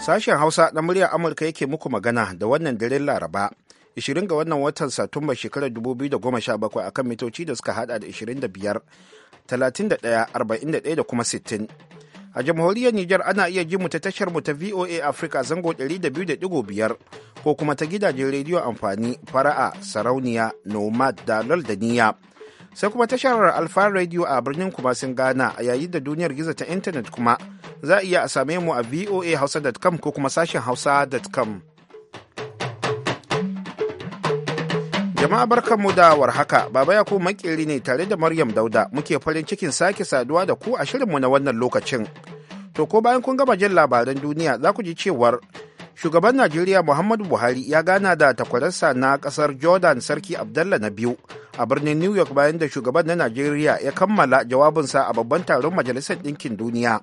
Sashen Hausa na muryar Amurka yake muku magana da wannan daren Laraba, 20 ga wannan watan Satumba shekarar 2017 akan mitoci da suka hada da 25, 31, 41 da kuma 60. a jamhuriyar Nijar ana iya ji mu ta tashar mu ta VOA Africa zango 200.5 ko kuma ta gidajen rediyo amfani fara'a sarauniya nomad da da niyya sai kuma tashar alfa radio a birnin kumasin ghana a yayin da duniyar gizo ta intanet kuma za a iya a same mu a voa hausa.com ko kuma sashen hausa.com jama'a mu da warhaka baba ya yakubu makeri ne tare da maryam dauda muke farin cikin sake saduwa da ku a shirinmu na wannan lokacin to ko bayan kun gama jin labaran duniya za ku ji cewar shugaban najeriya muhammadu buhari ya gana da takwararsa na kasar jordan sarki abdallah na biyu a birnin new york bayan da shugaban na najeriya ya kammala jawabinsa a babban taron majalisar ɗinkin duniya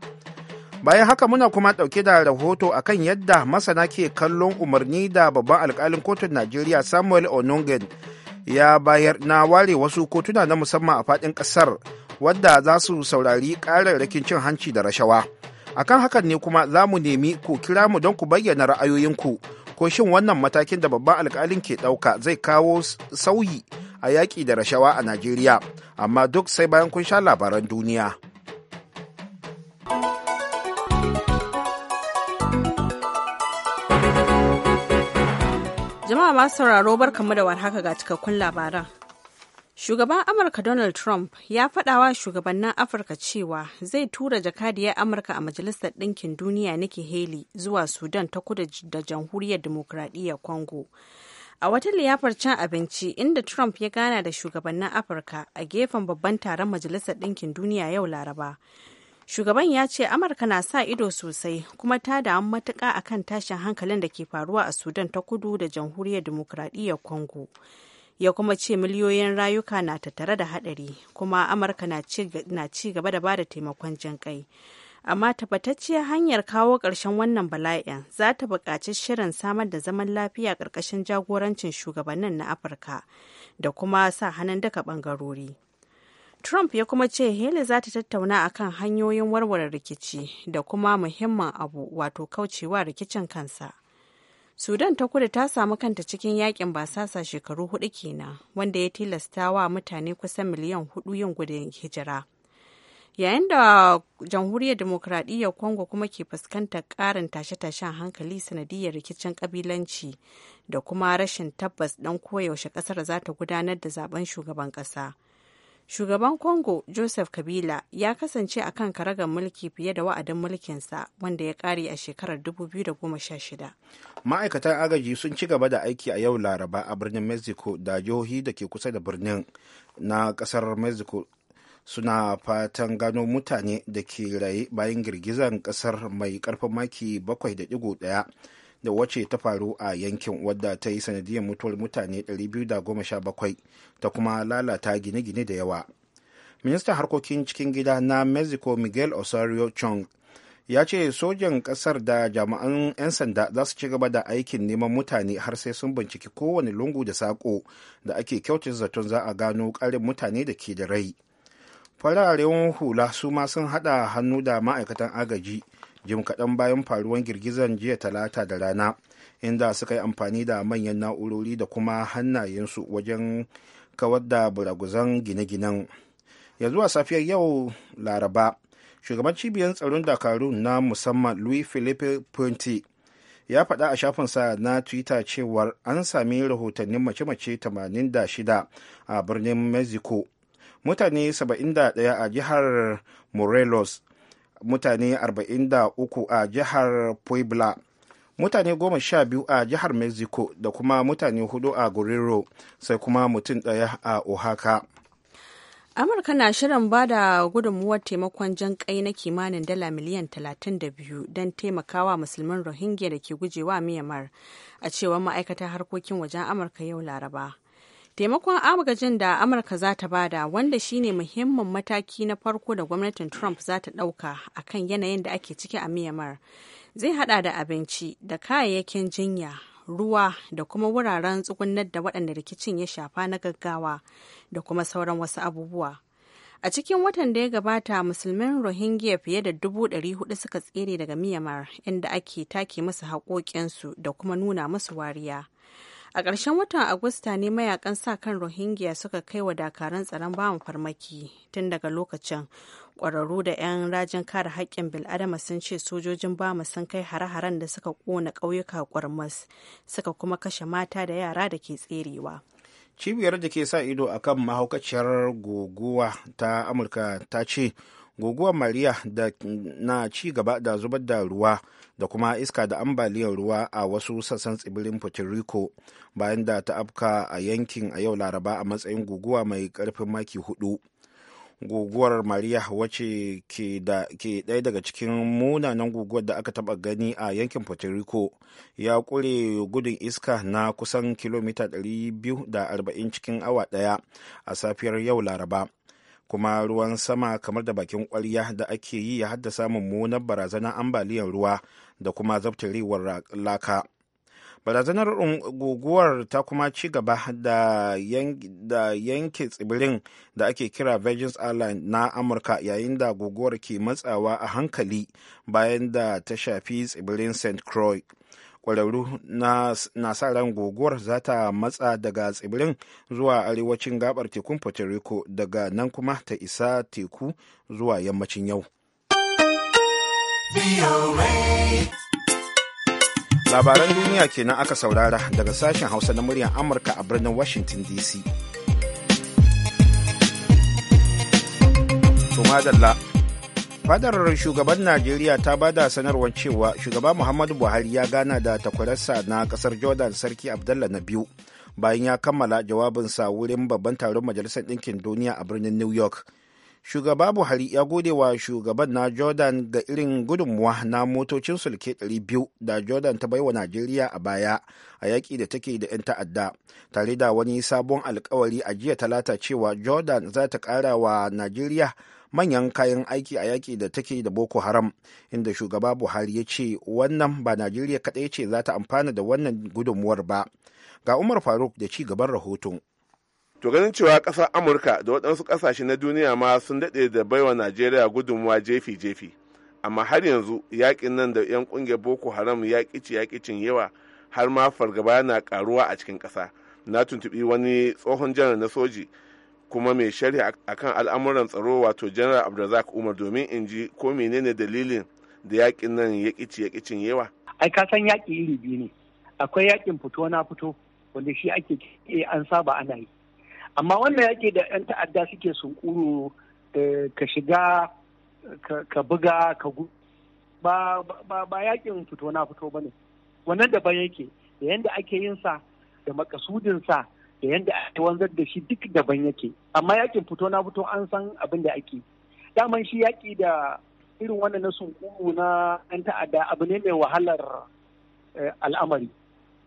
bayan haka muna kuma ɗauke da rahoto akan yadda masana ke kallon umarni da babban alkalin kotun najeriya samuel onungen ya bayar na ware wasu kotuna na musamman a faɗin ƙasar wadda za su saurari ƙararrakin cin hanci da rashawa akan hakan ne kuma za mu nemi ku kira mu don ku bayyana ra'ayoyinku ko shin wannan matakin da babban alkalin ke ɗauka zai kawo sauyi a yaƙi da rashawa a Najeriya, amma duk sai bayan kun sha labaran duniya. Jama'a masu sauraro barkamu da warhaka ga cikakkun labaran. Shugaban Amurka Donald Trump ya faɗawa shugabannin Afirka cewa zai tura jakadiyar Amurka a Majalisar Ɗinkin Duniya nake Haley zuwa Sudan ta kudu da Jamhuriyar Dimokuraɗiyyar Congo. a wata liyafar cin abinci inda trump ya gana da shugabannin afirka a gefen babban taron majalisar ɗinkin duniya yau laraba shugaban ya ce amurka na sa ido sosai kuma ta damu matuka akan tashin hankalin da ke faruwa a sudan ta kudu da jamhuriyar demokradiyyar congo ya kuma ce miliyoyin rayuka na tattare da hadari kuma amurka na ci gaba da ba da taimakon jin ƙai. amma tabbatacciyar hanyar kawo ƙarshen wannan bala'in za ta buƙaci shirin samar da zaman lafiya ƙarƙashin jagorancin shugabannin na afirka da kuma sa hannun duka ɓangarori trump ya kuma ce haley za ta tattauna a kan hanyoyin warware rikici da kuma muhimmin abu wato kaucewa rikicin kansa sudan ta kudu ta samu kanta cikin yakin basasa shekaru hudu kenan wanda ya tilasta wa mutane kusan miliyan hudu yin gudun hijira yayin da jamhuriyar demokuraɗiyyar congo kuma ke fuskantar ƙarin tashe-tashen hankali sanadiyar rikicin ƙabilanci da kuma rashin tabbas ɗan koyaushe ƙasar za ta gudanar da zaben shugaban ƙasa shugaban congo joseph kabila ya kasance a kan karagar mulki fiye da wa'adin mulkinsa wanda ya ƙare a shekarar 2016 ma'aikatan agaji sun ci gaba da aiki a yau laraba a birnin mexico da jihohi da ke kusa da birnin na ƙasar mexico suna fatan gano mutane da ke raye bayan girgizar kasar mai karfin maki 7.1 da wace ta faru a yankin wadda ta yi sanadiyar mutuwar mutane 217 ta kuma lalata gine-gine da yawa ministan harkokin cikin gida na mexico miguel osorio chong ya ce sojan kasar da jami'an 'yan sanda za su ci gaba da aikin neman mutane har sai sun binciki kowane lungu da saƙo da ake kyautar zaton za a gano ƙarin mutane da ke da rai. fararen hula su ma sun hada hannu da ma'aikatan agaji jim kaɗan bayan faruwan girgizar jiya talata da rana inda suka yi amfani da manyan na'urori da kuma hannayensu wajen kawar da buraguzan gine-ginen ya a safiyar yau laraba shugaban cibiyar tsaron dakaru na musamman louis philippe ponti ya faɗa a shafinsa na twitter cewar an sami rahotannin mace-mace 86 a birnin mexico mutane 71 a jihar morelos mutane 43 a jihar puebla mutane goma sha a jihar mexico da kuma mutane 4 a guerrero sai kuma mutum daya a oaxaca amurka na shirin ba da gudunmuwar taimakon jan kai na kimanin dala miliyan 32 don taimakawa musulman rohingya da ke gujewa myanmar a cewar ma'aikatar harkokin wajen amurka yau laraba Taimakon agajin da Amurka za ta bada wanda shine muhimmin mataki na farko da gwamnatin Trump za ta ɗauka a kan yanayin da ake ciki a Myanmar. Zai hada da abinci da kayayyakin jinya, ruwa da kuma wuraren tsugunar da waɗanda rikicin ya shafa na gaggawa da kuma sauran wasu abubuwa. A cikin watan da ya gabata musulmin Rohingya fiye da dubu ɗari hudu suka tsere daga Myanmar inda ake take musu haƙoƙinsu da kuma nuna musu wariya. a ƙarshen watan agusta ne mayakan sa kan rohingya suka kai wa dakaran tsaron bamu farmaki tun daga lokacin ƙwararru da 'yan rajin kare haƙƙin bil'adama sun ce sojojin bamu sun kai hare-haren da suka ƙona ƙauyuka ƙwarmas suka kuma kashe mata da yara da ke tserewa cibiyar da ke sa ido akan mahaukaciyar guguwa ta amurka ta ce guguwar maria da na ci gaba da zubar da ruwa da kuma iska da ambaliyar ruwa a wasu sassan tsibirin puerto rico bayan da ta afka a yankin a yau laraba a matsayin guguwa mai karfin maki hudu guguwar maria wacce ke ɗaya daga cikin munanan guguwar da aka taba gani a yankin puerto rico ya ƙure gudun iska na kusan kilomita 240 cikin awa daya a safiyar yau laraba kuma ruwan sama kamar da bakin kwarya da ake yi ya haddasa mummunar barazanar ambaliyar ruwa da kuma zabtarewar laka barazanar guguwar ta kuma ci gaba da yanke tsibirin da ake kira virgin island na amurka yayin da guguwar ke matsawa a hankali bayan da ta shafi tsibirin st croix kwararru na sa ran guguwar za ta matsa daga tsibirin zuwa arewacin gabar tekun puerto rico daga nan kuma ta isa teku zuwa yammacin yau labaran duniya kenan aka saurara daga sashen hausa na muryar amurka a birnin washington dc madalla fadar shugaban najeriya ta bada sanarwar cewa shugaba muhammadu buhari ya gana da takwararsa na kasar jordan sarki abdullah na biyu bayan ya kammala jawabinsa wurin babban taron majalisar ɗinkin duniya a birnin new york shugaba buhari ya gode wa shugaban na jordan ga irin gudunmuwa na motocin sulke 200 da jordan ta baiwa najeriya a baya a yaƙi da take da 'yan ta'adda tare da wani sabon alkawari a jiya talata cewa jordan za ta ƙara wa najeriya manyan kayan aiki a yaƙi da take da boko haram inda shugaba buhari ya ce wannan ba najeriya kaɗai ce za ta amfana da wannan gudunmuwar ba ga umar faruk da ci gaban rahoto to ganin cewa ƙasar amurka da waɗansu ƙasashe na duniya ma sun daɗe da baiwa najeriya gudunmuwa jefi-jefi amma har yanzu yaƙin nan da 'yan ƙungiyar boko haram ya ƙici ya ƙicin yawa har ma fargaba yana ƙaruwa a cikin ƙasa na tuntuɓi wani tsohon janar na soji kuma mai shari'a akan al'amuran tsaro wato general abdulrazak umar domin in ji ko menene dalilin da yakin nan ya kici ya kicin yawa ai ka san yaki iri biyu ne akwai yakin fito na fito wanda shi ake an saba ana yi amma wannan yaki da yan ta'adda suke sunkuru eh, ka shiga ka buga ka gu ba ba yakin fito na fito bane wannan daban yake da yanda ake yin sa da makasudin sa da yadda ake wanzar da shi duk daban yake amma yakin fito na fito an san abin da ake daman shi yaki da irin wannan na sunkuru na yan ta'adda abu ne mai wahalar eh, al'amari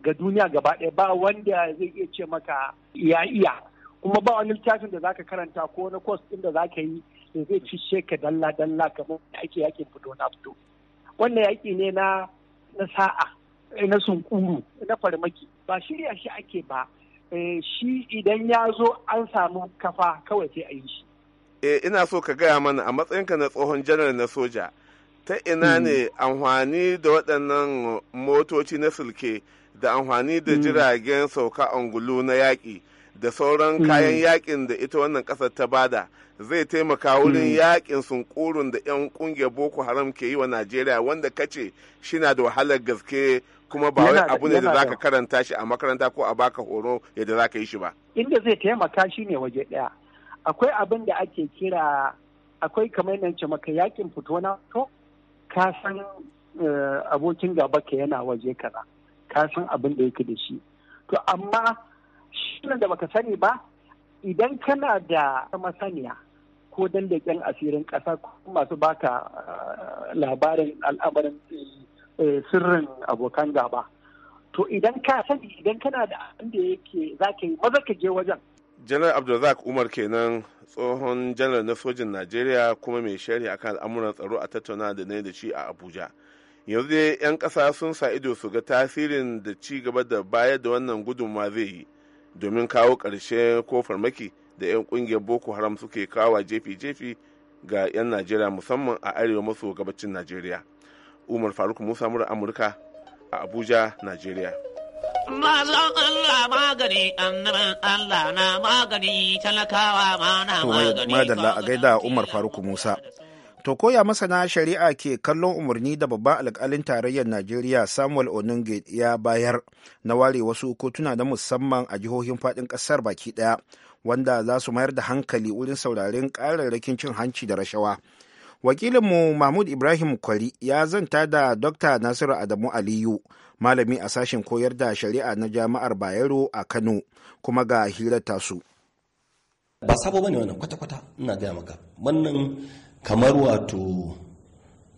ga duniya gaba ɗaya ba wanda zai iya ce maka iya iya kuma ba wani littafin da zaka karanta ko na kwas ɗin da zaka yi da zai ci ka dalla dalla kamar da ake yakin fito na fito wannan yaki ne na na sa'a eh, na sunkuru na farmaki ba shirya shi ake ba Eh, shi idan ya zo an samu kafa kawai sai a yi shi. Eh, ina so ka gaya mana a matsayinka na tsohon janar na soja ta ina hmm. ne amfani da waɗannan motoci na silke da amfani da hmm. jiragen sauka angulu na yaƙi da sauran hmm. kayan yaƙin da ita wannan ƙasar ta bada zai taimaka wurin yaƙin sunkurun da 'yan ƙungiyar boko haram ke yi wa najeriya wanda kace shi na da wahalar gaske kuma ba wai abu ne da za ka karanta shi a makaranta ko a baka horo yadda za ka yi shi ba inda zai taimaka shi ne waje ɗaya akwai abin da ake kira akwai kamar nan ce maka yakin fito na to ka san eh, abokin gaba ka yana waje kaza ka san abin da yake da shi to amma shi da baka sani ba idan kana da masaniya ko dandaken asirin ƙasa masu baka eh, labarin al'amarin eh, Eh, sirrin abokan gaba to idan ka sani idan kana da abin yake za ka yi maza ka je wajen janar abdulrazak umar kenan tsohon janar na sojin najeriya kuma mai shari'a akan al'amuran tsaro a tattauna da na da shi a abuja yanzu dai 'yan ƙasa sun sa ido su ga tasirin da ci gaba da bayar da wannan gudunmawa zai yi domin kawo ƙarshe ko farmaki da 'yan ƙungiyar boko haram suke kawo jefi-jefi ga 'yan najeriya musamman a arewa maso gabacin najeriya umar faruk musa mura amurka a abuja nigeria Allah Madalla a gaida Umar Faruk Musa. To koya masana shari'a ke kallon umarni da babban alkalin tarayyar Najeriya Samuel Onunge ya bayar na ware wasu kotuna na musamman a jihohin faɗin ƙasar baki ɗaya wanda za su mayar da hankali wurin saurarin ƙararrakin cin hanci da rashawa. wakilinmu mahmud ibrahim kwari ya zanta da dr nasiru adamu aliyu malami a sashen koyar da shari'a na jami'ar bayero a kano kuma ga hirar su. ba sabo bane wannan kwata-kwata ina gaya maka wannan kamar wato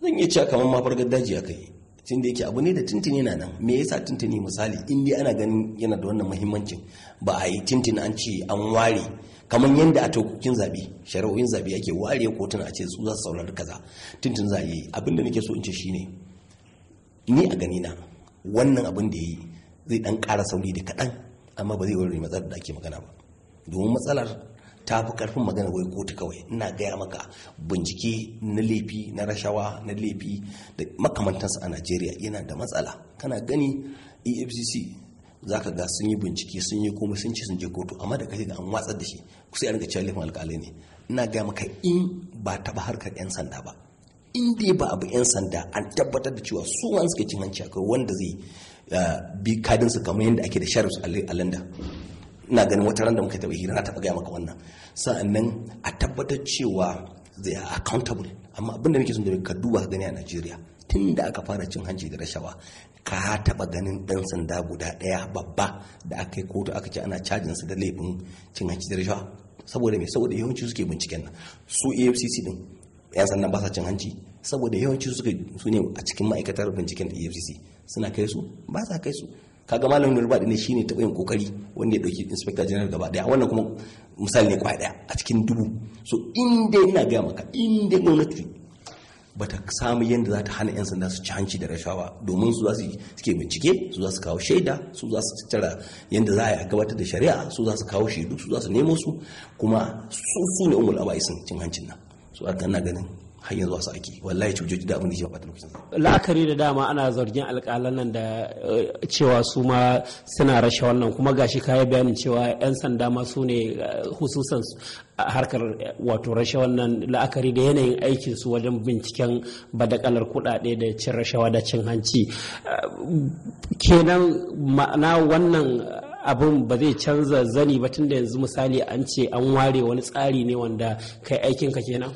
zan iya cewa kamar mafargar daji aka kai tun da yake abu ne da tuntuni na nan me yasa tuntuni misali in dai ana ganin yana da wannan muhimmancin ba a yi tuntuni an ce an ware kamar yadda a tokokin zabi shari'o'in zaɓe ake ware kotuna a ce su za su saurari kaza tuntun za a yi abin da nake so in ce shine ni a gani na wannan abin da yi zai dan kara sauri da kaɗan amma ba zai wari matsalar da ake magana ba domin matsalar ta fi karfin magana wai kotu kawai ina gaya maka bincike na laifi na rashawa na laifi da makamantansa a najeriya yana da matsala kana gani efcc za ka ga sun yi bincike sun yi komai sun ce sun je kotu amma da kake ga an watsar da shi kusa a rinka cewa alkali ne ina ga maka in ba taba harkar 'yan sanda ba in dai ba abu 'yan sanda an tabbatar da cewa su an suke cin hanci akwai wanda zai eh, bi kadin su kamar yadda ake da sharar su a landa ina ganin wata ran da muka taba hira na taɓa gaya maka wannan sa'annan a tabbatar cewa zai accountable amma abinda muke nake son da ka duba gani a Najeriya tun da aka fara cin hanci da rashawa ka taba ganin dan sanda guda daya babba da aka yi kotu aka ce ana cajin su da laifin cin hanci da rashawa saboda me saboda yawanci suke binciken nan su AFCC din yan sandan ba sa cin hanci saboda yawanci suke su ne a cikin ma'aikatar binciken AFCC suna kai su ba sa kai su kaga malam nurba ne shine taɓa yin kokari wanda ya dauki inspector general gaba daya wannan kuma misali ne kwa daya a cikin dubu so in dai ina gaya maka in dai gwamnati ba ta samu yadda za ta hana 'yan sanda su ci hanci da rashawa domin su za su suke bincike su za su kawo shaida su za su tattara yadda za a yi gabatar da shari'a su za su kawo shaidu su za su nemo su kuma su ne umul aba'isin cin hancin nan su a ganin har yanzu wasu ake wallahi cujoji da abin da ke bata lokacin la'akari da dama ana zargin alƙalan nan da eh, cewa su ma suna rashe wannan kuma ga shi kayi bayanin cewa yan sanda ma su ne eh, hususan harkar eh, wato rashe wannan la'akari da yanayin aikin su wajen binciken badakalar kuɗaɗe da cin rashawa da cin hanci kenan ma'ana wannan abin ba zai canza zani ba tunda yanzu misali an ce an ware wani tsari ne wanda kai aikinka kenan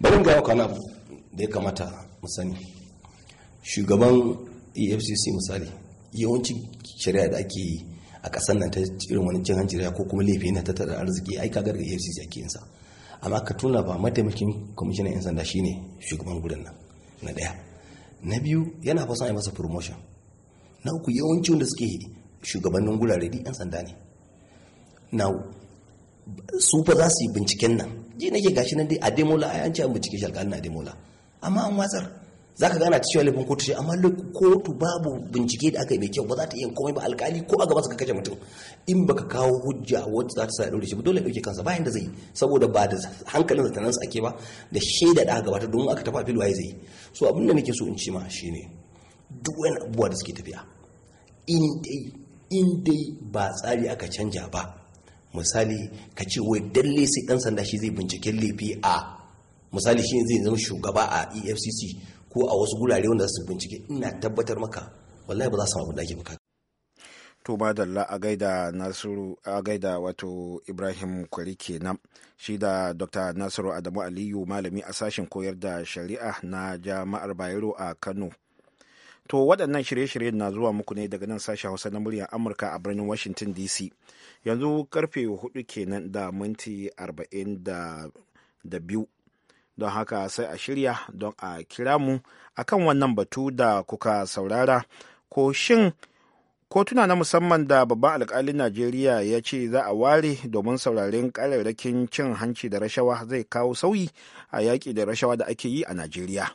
barin ga maka da ya kamata mu sani shugaban efcc misali yawancin shari'a da ake yi a kasan nan ta irin wani cin hanci ko kuma laifi na tattara arziki ai kagar da efcc ake yin sa amma ka tuna ba mataimakin kwamishinan yan sanda shine shugaban gudan nan na ɗaya na biyu yana fasa a masa promotion na uku yawanci da suke shugabannin gurare duk yan sanda ne na su fa za su yi binciken nan ji nake gashi nan dai a demola a yanci an bincike shi alƙalin a demola amma an watsar za ka gana ta cewa laifin kotu ce amma kotu babu bincike da aka yi mai kyau ba za ta iya komai ba alkali ko a gaba suka kashe mutum in baka kawo hujja wacce za ta sa daure shi ba dole ɗauke kansa bayan da zai saboda ba da hankalin da tanansa ake ba da shaida da aka gabata domin aka tafi filo zai so abin da nake so in ci ma shine duk wani abubuwa da suke tafiya in in dai ba tsari aka canja ba misali ka ce wai dalle sai dan sanda shi zai binciken laifi a misali shi zai zama shugaba a efcc ko a wasu gurare wanda su bincike ina tabbatar maka wallahi ba za su samu da ake to to madalla a gaida nasiru a gaida wato ibrahim kwari kenan shi da dr nasiru adamu aliyu malami a sashen koyar da shari'a na jama'ar bayero a kano to waɗannan shirye-shiryen na zuwa muku ne daga nan sashen hausa na muryar amurka a birnin washington dc yanzu karfe hudu kenan da minti arba'in da biyu don haka sai a shirya don a kira mu kan wannan batu da kuka saurara ko shin kotuna na musamman da babban alkalin najeriya ya ce za a ware domin sauraren kararrakin cin hanci da rashawa zai kawo sauyi a yaƙi da rashawa da ake yi a najeriya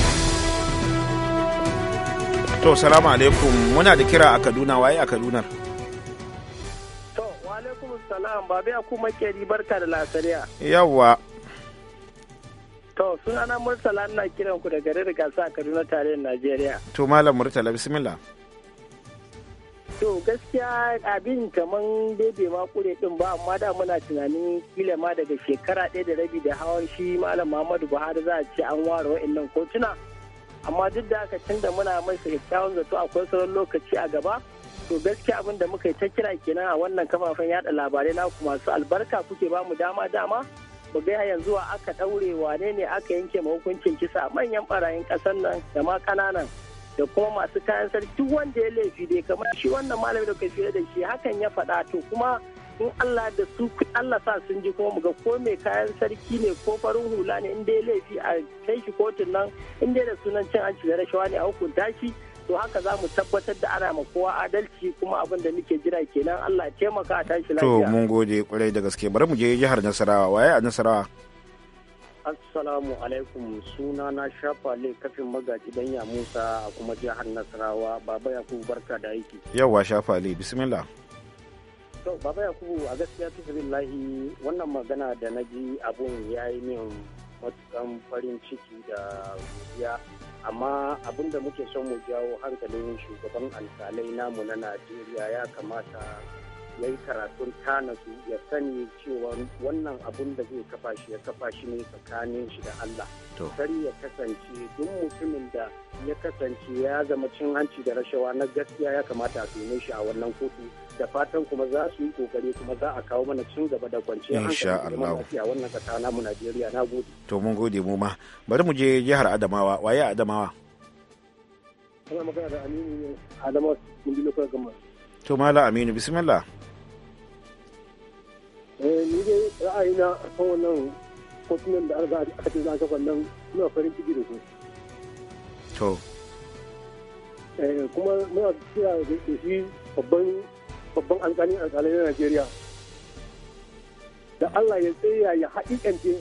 to salamu alaikum muna da kira a kaduna waye a kaduna to wa alaikum salam ba bai kuma keri, barka da lasariya yawwa to sunana murtala ina kiran ku da garin gasa a kaduna tarayyar najeriya to malam murtala bismillah to gaskiya abin kaman bebe ma kure din ba amma da muna tunanin kila ma daga shekara ɗaya da rabi da hawan shi malam muhammadu buhari za a ce an ware wa'annan kotuna amma duk da haka tun da muna mai kyakkyawan zato akwai sauran lokaci a gaba to gaskiya abin da muka yi ta kira kenan a wannan kafafen yada labarai naku masu albarka kuke ba mu dama dama mu ga yanzu wa aka daure wane ne aka yanke ma hukuncin kisa manyan barayin kasar nan da ma kananan da kuma masu kayan sarki wanda ya laifi dai kamar shi wannan malami da kai da shi hakan ya faɗa to kuma in Allah da su Allah sa sun ji kuma muga ko mai kayan sarki ne ko farin hula ne inda dai laifi a kai shi kotun nan in dai da sunan cin hanci da rashawa ne a hukunta shi to haka za mu tabbatar da ana ma kowa adalci kuma abin da muke jira kenan Allah ya taimaka a tashi lafiya. To mun gode kwarai da gaske bari mu je jihar Nasarawa waye a Nasarawa. Assalamu alaikum suna na shafa le kafin magaji ya Musa kuma jihar Nasarawa baba ku barka da aiki. Yawwa shafa le bismillah. to baba yakubu a gaskiya lahi wannan magana da na ji abun ya yi min matukan farin ciki da godiya amma abin da muke son mu jawo hankalin shugaban alkalai namu na najeriya ya kamata ya yi karatun su ya sani cewa wannan abun da zai kafa shi ya kafa shi ne tsakanin shi da Allah. Kar ya kasance duk mutumin da ya kasance ya zama cin hanci da rashawa na gaskiya ya kamata a tume shi a wannan kotu da fatan kuma za su yi kokari kuma za a kawo mana cin gaba da kwanciyar hankali Allah a wannan kasa namu Najeriya na gode. To mun gode mu ma bari mu je jihar Adamawa waye Adamawa. Ana magana da Aminu ne Adamawa Gundulokar Gama. To Mala Aminu bismillah. Eh, ni dai ra'ayina a kan wannan kotunan da aka ce za a kafa nan farin ciki da su. To. Eh, kuma muna kira da shi babban babban alƙalin alƙalai na Najeriya. Da Allah ya tsaya ya haƙiƙance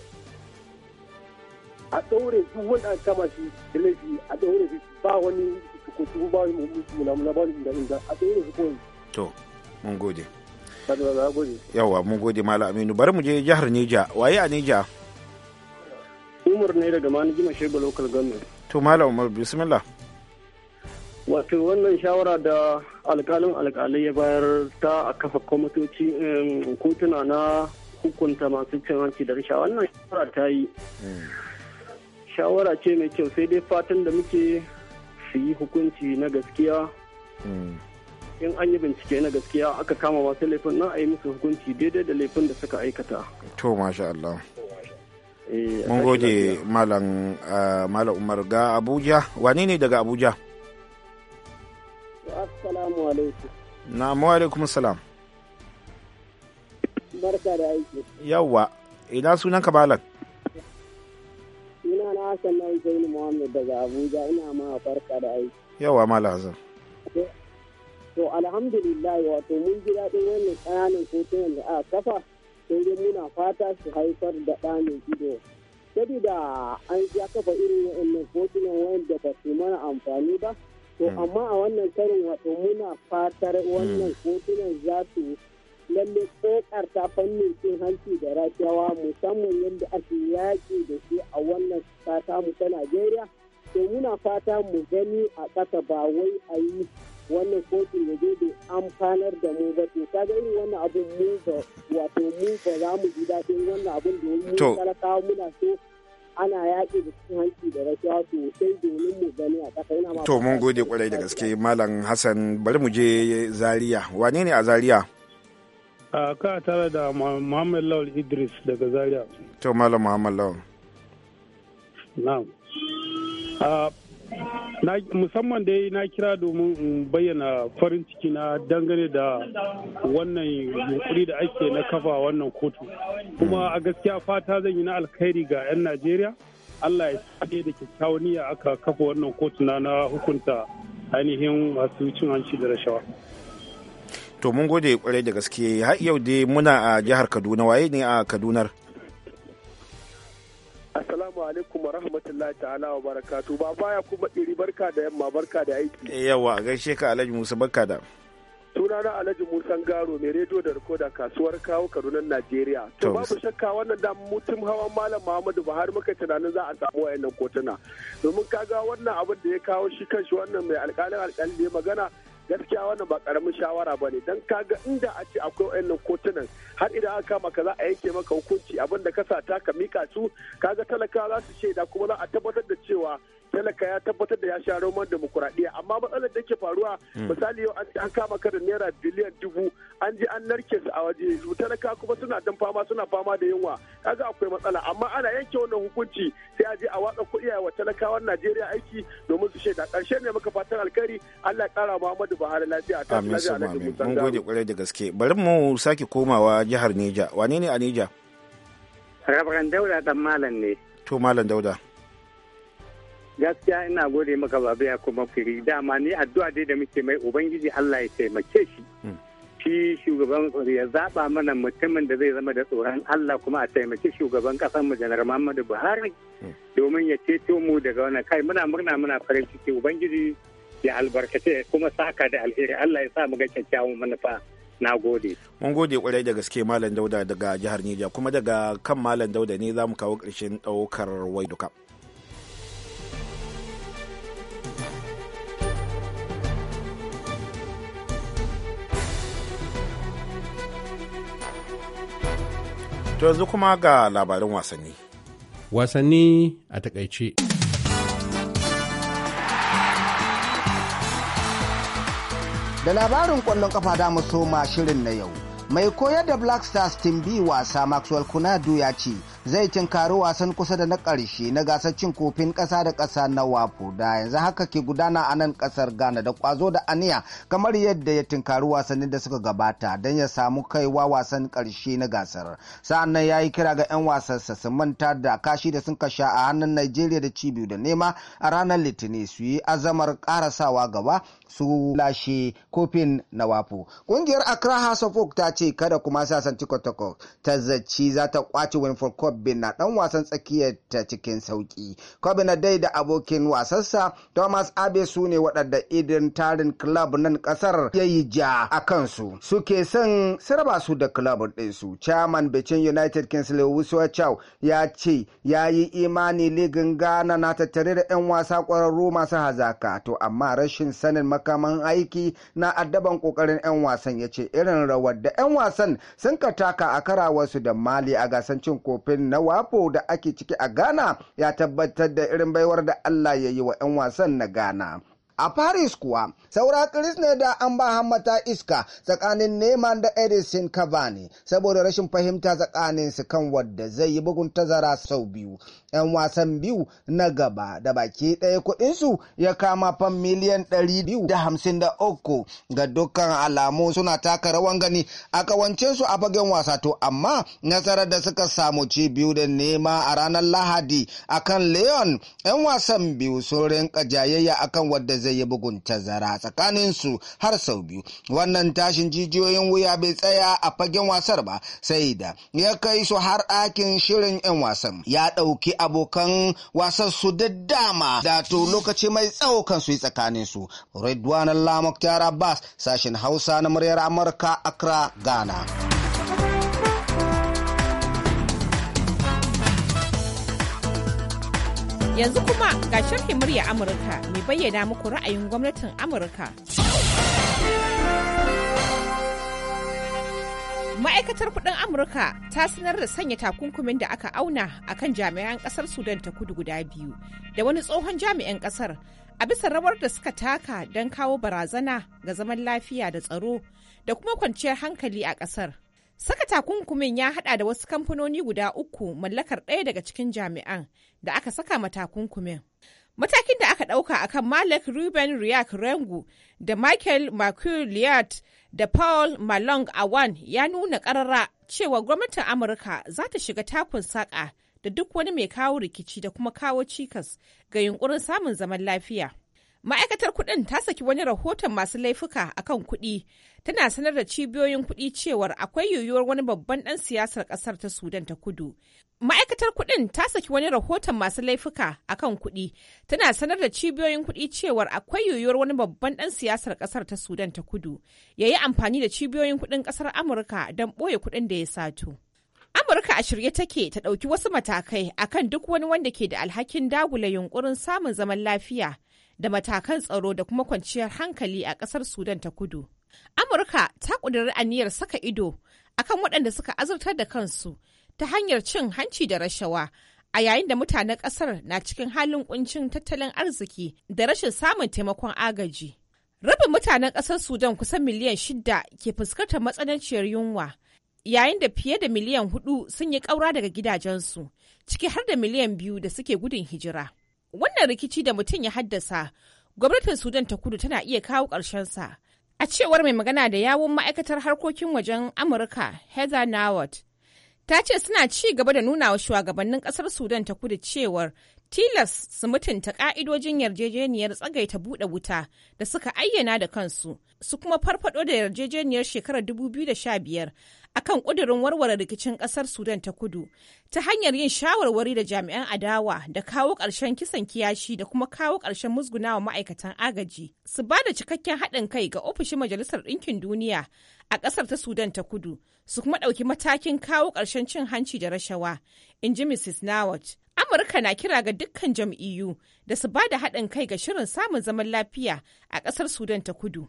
a ɗaure duk wanda aka kama shi da laifi a ɗaure shi ba wani kuku ba wani mummuna ba wani inda a ɗaure shi kawai. To, mun gode. yawa mun gode malam aminu bari mu je jihar neja waye a neja umar ne daga manajima shaibu local government to malam umar bismillah wato wannan shawara da alkalin alkalai ya bayar ta a kafa kwamitoci kotuna na hukunta masu cin hanci da rashawa wannan shawara ta yi hmm. shawara ce mai kyau sai dai fatan da muke su yi hukunci na gaskiya hmm. in an yi bincike na gaskiya aka kama masu laifin nan a yi musu hukunci daidai da laifin da suka aikata to masha Allah eh, mun gode malam ah, malam umar ga abuja wani ne daga abuja assalamu alaikum na mu alaikum salam barka da aiki Yawwa, ina sunan ka malam ina na zai ni Hussein Muhammad daga Abuja ina ma barka da aiki Yawwa malam Hassan to alhamdulillah wato mun ji daɗin wannan ƙananan kotunan da aka kafa sai dai muna fata su haifar da ɗanin ido sabida an ya kafa irin wannan kotunan wanda ba su mana amfani ba to hmm. amma a wannan karin wato muna fatar hmm. wannan kotunan za su lalle ta fannin cin hanci da rashawa musamman yadda ake yaƙi da shi a wannan kasa mu ta najeriya to muna fata mu gani a ƙasa ba wai a yi wannan kotun ya zo bai amfanar da mu ba to kaga irin wannan abun mu ba wato mu ba za mu ji daɗin wannan abun da mu talakawa muna so ana yaƙi da cikin hanci da rashawa to sai domin mu gani a ƙasa yana ma to mun gode kwarai da gaske malam hassan bari mu je zaria wane ne a zaria a ka tare da muhammad lawal idris daga zaria to malam muhammad lawal na'am musamman dai na kira domin in bayyana farin ciki na dangane da wannan yunkuri da ake na kafa wannan kotu kuma a gaskiya fata zan yi na alkhairi ga 'yan najeriya allah ya sade da kyakkyawan niyya aka kafa wannan kotu na na hukunta ainihin masu cin hanci da rashawa to mun gode kwarai da gaske har yau dai muna a jihar kaduna waye ne a kadunar Assalamu alaikum wa rahmatullahi ta'ala wa barakatu ba ya kuma iri barka da yamma barka da aiki. Eh, Yawa gaishe ka Alhaji Musa barka da. Sunana Alhaji Musa Garo mai rediyo da rikoda kasuwar kawo Kaduna Najeriya. To babu shakka wannan da mutum hawan Malam Muhammadu Buhari muka tunanin za a samu wayannan kotuna. Domin kaga wannan abin da ya kawo shi kanshi wannan mai alƙalin alƙalin ne magana gaskiya wannan ba karamin shawara ba ne don kaga inda a ce akwai wayannan kotunan har idan aka kama ka za a yanke maka hukunci abin da ka sata ka mika su kaga talakawa za su shaida kuma za a tabbatar da cewa talaka ya tabbatar da ya sha roman demokuraɗiyya amma matsalar da ke faruwa hmm. misali yau an kama ka da naira biliyan dubu an ji an narke su a waje talaka kuma suna dan fama suna fama da yunwa kaga akwai matsala amma ana yanke wannan hukunci sai a je a watsa kuɗi a wa talakawan Najeriya aiki domin su shaida ƙarshe ne muka fatan alkhairi Allah ya ƙara Muhammadu Buhari lafiya ta lafiya Mun gode kwarai da gaske bari mu sake komawa jihar Neja wane ne a Neja Rabaran Dauda dan Malam ne to Malam Dauda gaskiya ina gode maka babu ya kuma firi dama ni addu'a dai da muke mai ubangiji Allah ya taimake shi hmm. shi shugaban ya zaba mana mutumin da zai zama da tsoron Allah kuma a taimaki shugaban kasar mu janar Muhammadu Buhari hmm. domin ya ceto mu daga wannan kai muna murna muna farin ciki ubangiji ya albarkace kuma saka da alheri Allah ya sa mu ga kyakkyawan manufa na gode. Mun gode kwarai da gaske Malam Dauda daga jihar Nija kuma daga kan Malam Dauda ne za mu kawo karshen ɗaukar waiduka To yanzu kuma ga labarin wasanni. Wasanni a takaice. Da labarin kwallon kafa da mu soma shirin na yau. Mai koyar da Black Stars Tim B wasa Maxwell Kunadu ya ce zai tinkari wasan kusa da na ƙarshe na gasar cin kofin ƙasa da ƙasa na wafu. da yanzu haka ke gudana a nan ƙasar ghana da ƙwazo da aniya kamar yadda ya tinkari wasannin da suka gabata don ya samu kaiwa wasan ƙarshe na gasar sa'annan ya yi kira ga 'yan wasansa su manta da kashi da sun kasha a hannun Najeriya da cibiyu da nema a ranar litinin su yi azamar ƙarasawa gaba su lashe kofin na wapo ƙungiyar accra house of oak ta ce kada kuma sasan kwatakwa ta zaci za ta kwace winford na dan wasan tsakiyar ta cikin sauki. na dai da abokin wasansa Thomas Abe su ne waɗanda idin tarin club nan ƙasar ya yi ja a kansu. Suke son sirba su da club su Chairman Bicin United Kingsley Wusuwa Chow ya ce ya yi imani ligin Ghana na tattare da 'yan wasa ƙwararru masu hazaka to amma rashin sanin makaman aiki na addaban ƙoƙarin 'yan wasan ya ce irin rawar da 'yan wasan sun ka taka a karawarsu da Mali a gasar cin kofin na WAPO da ake ciki a Ghana ya tabbatar da irin baiwar da Allah ya yi wa 'yan wasan na Ghana. A Paris kuwa, saura kiris ne da an ba hammata iska tsakanin Neman da Edison Cavani saboda rashin fahimta tsakanin su kan wadda zai yi bugun tazara sau biyu. 'Yan wasan biyu na gaba da baki ɗaya kuɗinsu ya kama fan miliyan ɗari biyu da hamsin da uku ga dukkan alamu suna taka rawan gani a su a fagen wasa to amma nasarar da suka samu ci biyu da nema a ranar Lahadi akan Leon 'yan wasan biyu sun rinka jayayya akan wadda zai zai yi bugun tazara tsakanin su har sau biyu wannan tashin jijiyoyin wuya bai tsaya a fagen wasar ba sai da ya kai su har ɗakin shirin 'yan wasan ya ɗauki abokan wasan su da dama da to lokaci mai tsawo kan su yi tsakanin su redwan lamuk tara bas sashen hausa na muryar amurka accra ghana Yanzu kuma ga sharhin murya Amurka mai bayyana muku ra'ayin gwamnatin Amurka. Ma'aikatar kudin Amurka ta sanar da sanya takunkumin da aka auna a kan jami'an kasar Sudan ta kudu guda biyu da wani tsohon jami'an kasar a bisa rawar da suka taka don kawo barazana ga zaman lafiya da tsaro da kuma kwanciyar hankali a kasar. Saka takunkumin ya hada da wasu kamfanoni guda uku mallakar ɗaya daga cikin jami'an da aka saka matakunkumin Matakin da aka ɗauka a kan Malek Ruben Riak Rengu da Michael Mercure da Paul Malong Awan ya nuna ƙarara cewa gwamnatin Amurka za ta shiga takun saƙa da duk wani mai kawo rikici da kuma kawo cikas ga yunkurin samun zaman lafiya. Ma'aikatar kuɗin ta saki wani rahoton masu laifuka akan kuɗi, tana sanar da cibiyoyin kuɗi cewar akwai yiwuwar wani babban dan siyasar kasar ta Sudan ta kudu. Ma'aikatar kuɗin ta saki wani rahoton masu laifuka akan kuɗi, tana sanar da cibiyoyin kuɗi cewar akwai yiwuwar wani babban ɗan siyasar ƙasar ta Sudan ta kudu ya yi amfani da cibiyoyin kuɗin ƙasar Amurka don ɓoye kuɗin da ya sato. Amurka a shirye take ta ɗauki wasu matakai akan duk wani wanda ke da alhakin dagula yunkurin samun zaman lafiya da matakan tsaro da kuma kwanciyar hankali a ƙasar Sudan ta kudu. Amurka ta ƙudiri aniyar saka ido akan waɗanda suka azurtar da kansu ta hanyar cin hanci da rashawa a yayin da mutanen ƙasar na cikin halin ƙuncin tattalin arziki da rashin samun taimakon agaji. Rabin mutanen ƙasar Sudan kusan miliyan shida ke fuskantar matsananciyar yunwa. yayin da fiye da miliyan hudu sun yi ƙaura daga gidajensu ciki har da miliyan biyu da suke gudun hijira. Wannan rikici da mutum ya haddasa, gwamnatin Sudan ta kudu tana iya kawo sa, A cewar mai magana da yawun ma'aikatar harkokin wajen Amurka, Heather Nawat, ta ce suna ci gaba da nuna wa shugabannin ƙasar Sudan ta kudu cewar tilas su mutunta ƙa'idojin yarjejeniyar tsagaita buɗe wuta da suka ayyana da kansu, su kuma farfado da yarjejeniyar shekarar 2015 akan ƙudurin warware rikicin ƙasar Sudan ta kudu ta hanyar yin shawarwari da jami'an adawa da kawo ƙarshen kisan kiyashi da kuma kawo ƙarshen musgunawa ma'aikatan agaji su ba da cikakken haɗin kai ga ofishin Majalisar Ɗinkin Duniya a ƙasar ta Sudan ta kudu su kuma ɗauki matakin kawo ƙarshen cin hanci da rashawa, in ji Mrs. Nawat. Amurka na kira ga dukkan jam'iyyu da su ba da haɗin kai ga shirin samun zaman lafiya a ƙasar Sudan ta kudu.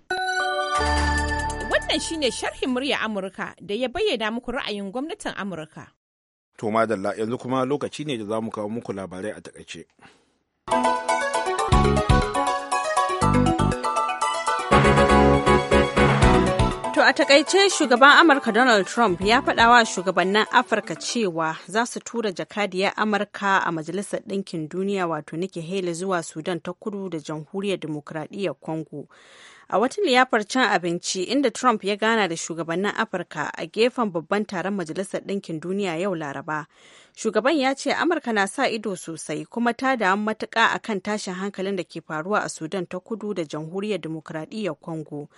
Wannan shine sharhin murya Amurka da ya bayyana muku ra'ayin gwamnatin Amurka. To madalla yanzu kuma lokaci ne da za mu kawo muku labarai a takaice. To a takaice shugaban Amurka Donald Trump ya faɗa wa shugabannin Afirka cewa za su tura jakadiyar Amurka a Majalisar Ɗinkin Duniya wato Nikki Haley zuwa Sudan ta kudu da Jamhuriyar Dimokuraɗiyyar Congo. a wata liyafar cin abinci inda Trump ya gana da shugabannin Afirka a gefen babban taron Majalisar Ɗinkin Duniya yau Laraba. Shugaban ya ce Amurka na sa ido sosai kuma ta damu matuƙa akan tashin hankalin da ke faruwa a Sudan ta kudu da Jamhuriyar Dimokuraɗiyyar Congo.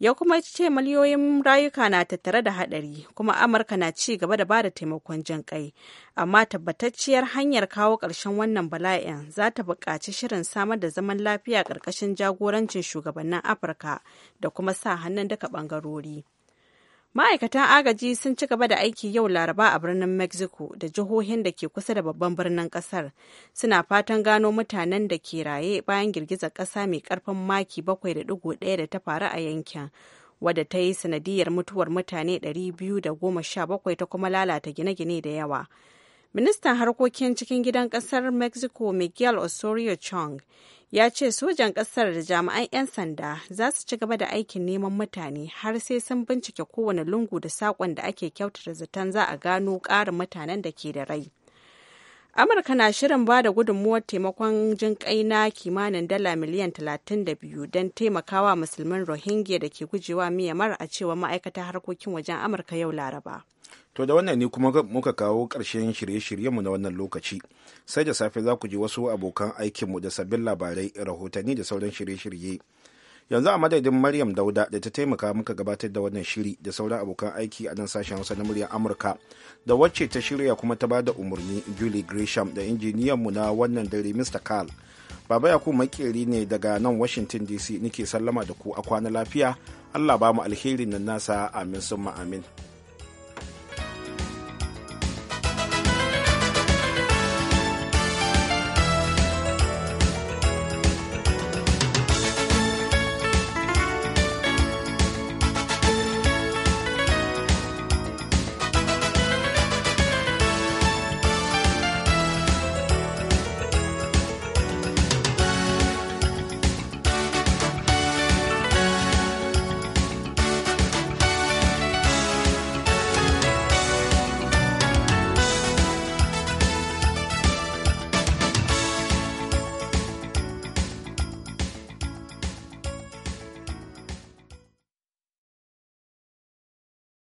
ya kuma ce miliyoyin rayuka na tattare da hadari kuma amurka na ci gaba da ba da taimakon jin kai amma tabbatacciyar hanyar kawo ƙarshen wannan bala'in za ta buƙaci shirin samar da zaman lafiya ƙarƙashin jagorancin shugabannin afirka da kuma sa hannun duka ɓangarori. Ma'aikatan agaji sun ci gaba da aiki yau Laraba a birnin Mexico da jihohin da ke kusa da babban birnin kasar. Suna fatan gano mutanen da ke raye bayan girgizar ƙasa mai ƙarfin maki 7.1 da ta faru a yankin. wadda ta yi sanadiyar mutuwar mutane 217 ta kuma lalata gine-gine da yawa. Ministan harkokin cikin gidan Kasar Mexico Miguel Osorio Chong ya ce sojan ƙasar da jami'an 'yan sanda za su ci gaba da aikin neman mutane har sai sun bincike kowane lungu da sakon da ake kyautata zaton za a gano ƙarin mutanen da ke da rai. amurka na shirin ba da gudunmuwar taimakon jin kai na kimanin dala miliyan 32 don taimakawa musulman rohingya da ke gujewa miyamar a cewa ma'aikatar harkokin wajen amurka yau laraba To da wannan ne kuma muka kawo ƙarshen shirye-shiryenmu na wannan lokaci. Sai da safe za ku ji wasu abokan aikinmu da sabbin labarai, rahotanni da sauran shirye-shirye. Yanzu a madadin Maryam Dauda da ta taimaka muka gabatar da wannan shiri da sauran abokan aiki a nan sashen Hausa na muryar Amurka da wacce ta shirya kuma ta ba da umarni Julie Gresham da injiniyanmu na wannan dare Mr. Carl. Baba yakub makeri ne daga nan Washington DC nike sallama da ku a kwana lafiya. Allah ba mu alherin nan nasa amin summa amin.